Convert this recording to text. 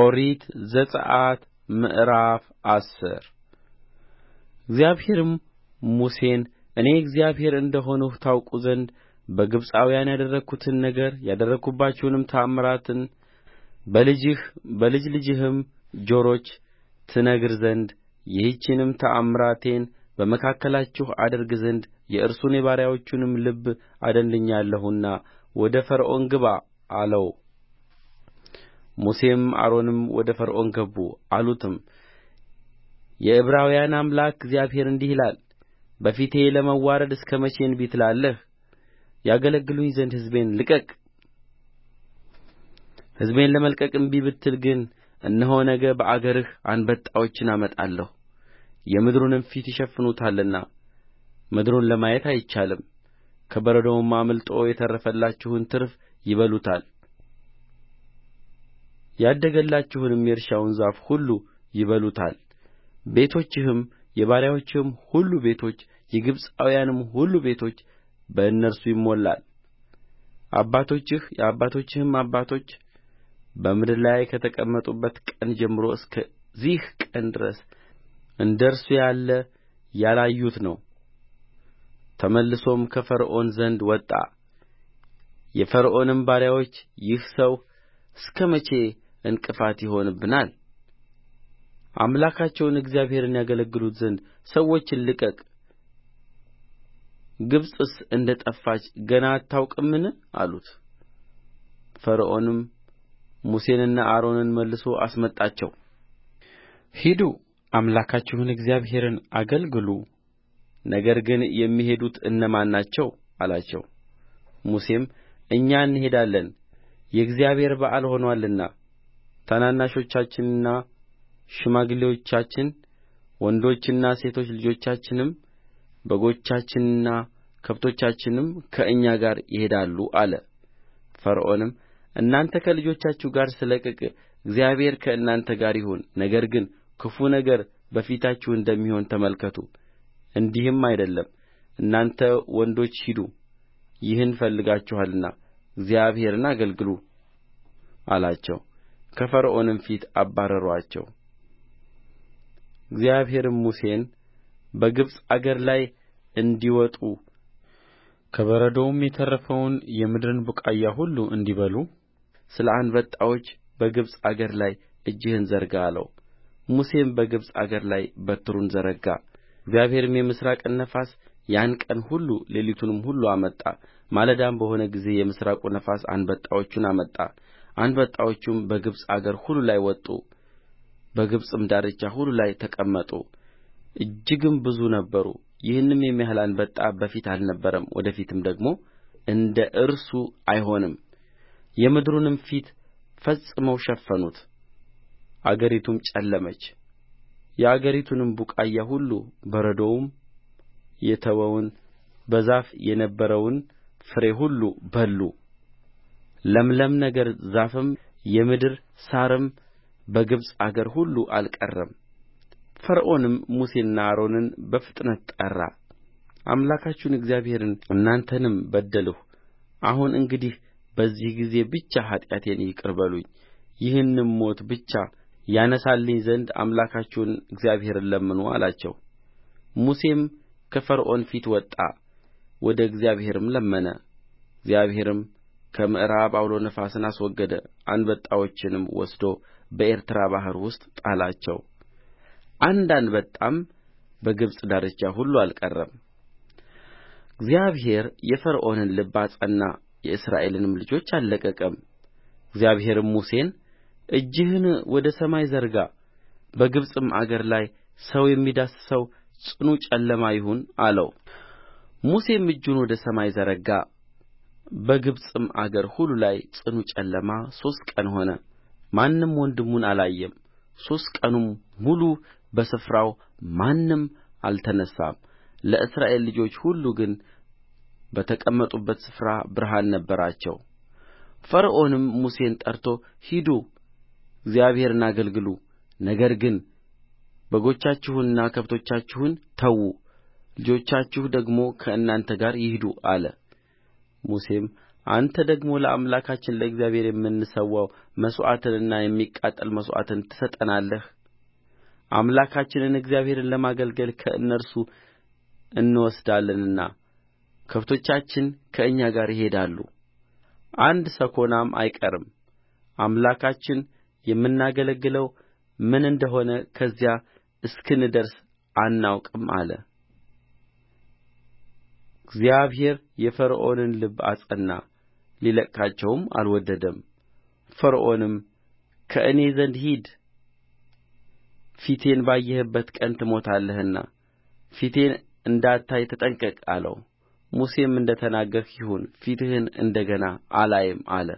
ኦሪት ዘጽአት ምዕራፍ አስር እግዚአብሔርም ሙሴን እኔ እግዚአብሔር እንደ ሆንሁ ታውቁ ዘንድ በግብፃውያን ያደረግሁትን ነገር ያደረግሁባቸውንም ተአምራትን በልጅህ በልጅ ልጅህም ጆሮች ትነግር ዘንድ ይህችንም ተአምራቴን በመካከላችሁ አደርግ ዘንድ የእርሱን የባሪያዎቹንም ልብ አደንድኜአለሁና ወደ ፈርዖን ግባ አለው ሙሴም አሮንም ወደ ፈርዖን ገቡ አሉትም የዕብራውያን አምላክ እግዚአብሔር እንዲህ ይላል በፊቴ ለመዋረድ እስከ መቼ እንቢ ትላለህ ያገለግሉኝ ዘንድ ሕዝቤን ልቀቅ ሕዝቤን ለመልቀቅ እንቢ ብትል ግን እነሆ ነገ በአገርህ አንበጣዎችን አመጣለሁ የምድሩንም ፊት ይሸፍኑታልና ምድሩን ለማየት አይቻልም ከበረዶውም አምልጦ የተረፈላችሁን ትርፍ ይበሉታል ያደገላችሁንም የእርሻውን ዛፍ ሁሉ ይበሉታል ቤቶችህም የባሪያዎችህም ሁሉ ቤቶች የግብፃውያንም ሁሉ ቤቶች በእነርሱ ይሞላል አባቶችህ የአባቶችህም አባቶች በምድር ላይ ከተቀመጡበት ቀን ጀምሮ እስከዚህ ቀን ድረስ እንደ እርሱ ያለ ያላዩት ነው ተመልሶም ከፈርዖን ዘንድ ወጣ የፈርዖንም ባሪያዎች ይህ ሰው እስከ መቼ ዕንቅፋት ይሆንብናል አምላካቸውን እግዚአብሔርን ያገለግሉት ዘንድ ሰዎችን ልቀቅ ግብፅስ እንደ ጠፋች ገና አታውቅምን አሉት ፈርዖንም ሙሴንና አሮንን መልሶ አስመጣቸው ሂዱ አምላካችሁን እግዚአብሔርን አገልግሉ ነገር ግን የሚሄዱት እነማን ናቸው አላቸው ሙሴም እኛ እንሄዳለን የእግዚአብሔር በዓል ሆኖአልና ታናናሾቻችንና ሽማግሌዎቻችን ወንዶችና ሴቶች ልጆቻችንም በጎቻችንና ከብቶቻችንም ከእኛ ጋር ይሄዳሉ አለ ፈርዖንም እናንተ ከልጆቻችሁ ጋር ስለቅቅ እግዚአብሔር ከእናንተ ጋር ይሁን ነገር ግን ክፉ ነገር በፊታችሁ እንደሚሆን ተመልከቱ እንዲህም አይደለም እናንተ ወንዶች ሂዱ ይህን ፈልጋችኋልና እግዚአብሔርን አገልግሉ አላቸው ከፈርዖንም ፊት አባረሩአቸው እግዚአብሔርም ሙሴን በግብፅ አገር ላይ እንዲወጡ ከበረዶውም የተረፈውን የምድርን ቡቃያ ሁሉ እንዲበሉ ስለ አንበጣዎች በግብፅ አገር ላይ እጅህን ዘርጋ አለው ሙሴም በግብፅ አገር ላይ በትሩን ዘረጋ እግዚአብሔርም የምሥራቅን ነፋስ ያን ቀን ሁሉ ሌሊቱንም ሁሉ አመጣ ማለዳም በሆነ ጊዜ የምሥራቁ ነፋስ አንበጣዎቹን አመጣ አንበጣዎቹም በግብፅ አገር ሁሉ ላይ ወጡ በግብፅም ዳርቻ ሁሉ ላይ ተቀመጡ እጅግም ብዙ ነበሩ ይህንም የሚያህል አንበጣ በፊት አልነበረም ወደ ፊትም ደግሞ እንደ እርሱ አይሆንም የምድሩንም ፊት ፈጽመው ሸፈኑት አገሪቱም ጨለመች የአገሪቱንም ቡቃያ ሁሉ በረዶውም የተወውን በዛፍ የነበረውን ፍሬ ሁሉ በሉ ለምለም ነገር ዛፍም የምድር ሣርም በግብፅ አገር ሁሉ አልቀረም ፈርዖንም ሙሴንና አሮንን በፍጥነት ጠራ አምላካችሁን እግዚአብሔርን እናንተንም በደልሁ አሁን እንግዲህ በዚህ ጊዜ ብቻ ኃጢአቴን ይቅር በሉኝ ይህንም ሞት ብቻ ያነሣልኝ ዘንድ አምላካችሁን እግዚአብሔርን ለምኑ አላቸው ሙሴም ከፈርዖን ፊት ወጣ ወደ እግዚአብሔርም ለመነ እግዚአብሔርም ከምዕራብ ዐውሎ ነፋስን አስወገደ አንበጣዎችንም ወስዶ በኤርትራ ባሕር ውስጥ ጣላቸው አንድ አንበጣም በግብፅ ዳርቻ ሁሉ አልቀረም እግዚአብሔር የፈርዖንን ልብ አጸና የእስራኤልንም ልጆች አልለቀቀም እግዚአብሔርም ሙሴን እጅህን ወደ ሰማይ ዘርጋ በግብፅም አገር ላይ ሰው የሚዳስሰው ጽኑ ጨለማ ይሁን አለው ሙሴም እጁን ወደ ሰማይ ዘረጋ በግብፅም አገር ሁሉ ላይ ጽኑ ጨለማ ሦስት ቀን ሆነ ማንም ወንድሙን አላየም ሦስት ቀኑም ሙሉ በስፍራው ማንም አልተነሣም ለእስራኤል ልጆች ሁሉ ግን በተቀመጡበት ስፍራ ብርሃን ነበራቸው ፈርዖንም ሙሴን ጠርቶ ሂዱ እግዚአብሔርን አገልግሉ ነገር ግን በጎቻችሁንና ከብቶቻችሁን ተዉ ልጆቻችሁ ደግሞ ከእናንተ ጋር ይሂዱ አለ ሙሴም አንተ ደግሞ ለአምላካችን ለእግዚአብሔር የምንሠዋው መሥዋዕትንና የሚቃጠል መሥዋዕትን ትሰጠናለህ አምላካችንን እግዚአብሔርን ለማገልገል ከእነርሱ እንወስዳለንና ከብቶቻችን ከእኛ ጋር ይሄዳሉ አንድ ሰኮናም አይቀርም አምላካችን የምናገለግለው ምን እንደ ሆነ ከዚያ እስክንደርስ አናውቅም አለ እግዚአብሔር የፈርዖንን ልብ አጸና ሊለቅቃቸውም አልወደደም ፈርዖንም ከእኔ ዘንድ ሂድ ፊቴን ባየህበት ቀን ትሞታለህና ፊቴን እንዳታይ ተጠንቀቅ አለው ሙሴም እንደ ተናገርህ ይሁን ፊትህን እንደ ገና አላይም አለ